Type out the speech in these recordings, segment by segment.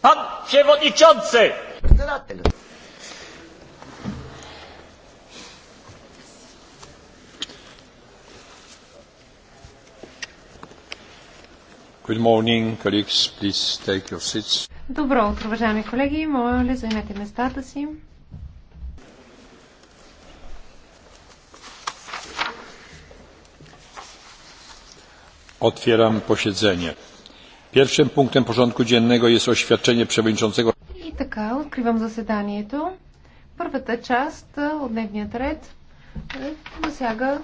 Pan przewodniczący! Good morning, colleagues. Please take your seats. Добро утро, уважаеми колеги. Моля, ли заемете местата си. Отварям заседанието. Pierwszym punktem porządku dziennego jest oświadczenie przewodniczącego. И така, откривам заседанието. Първата част от дневния ред засяга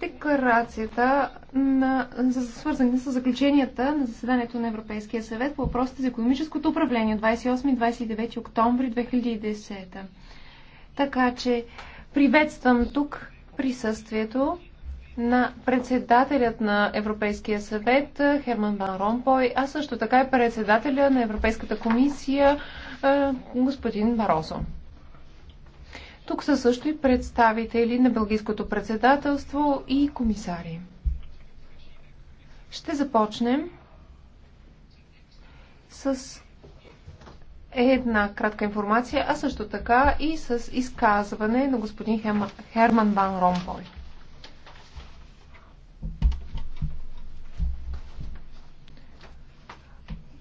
декларацията на, за свързани с заключенията на заседанието на Европейския съвет по въпросите за економическото управление 28-29 октомври 2010. Така че приветствам тук присъствието на председателят на Европейския съвет Херман Ван Ромпой, а също така и председателя на Европейската комисия господин Баросо. Тук са също и представители на Белгийското председателство и комисари. Ще започнем с една кратка информация, а също така и с изказване на господин Херман Ван Ромпой.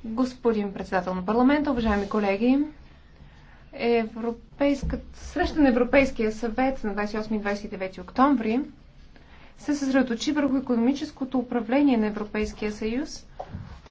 Господин председател на парламента, уважаеми колеги, Европейската среща на Европейския съвет на 28 и 29 октомври се съсредоточи върху економическото управление на Европейския съюз –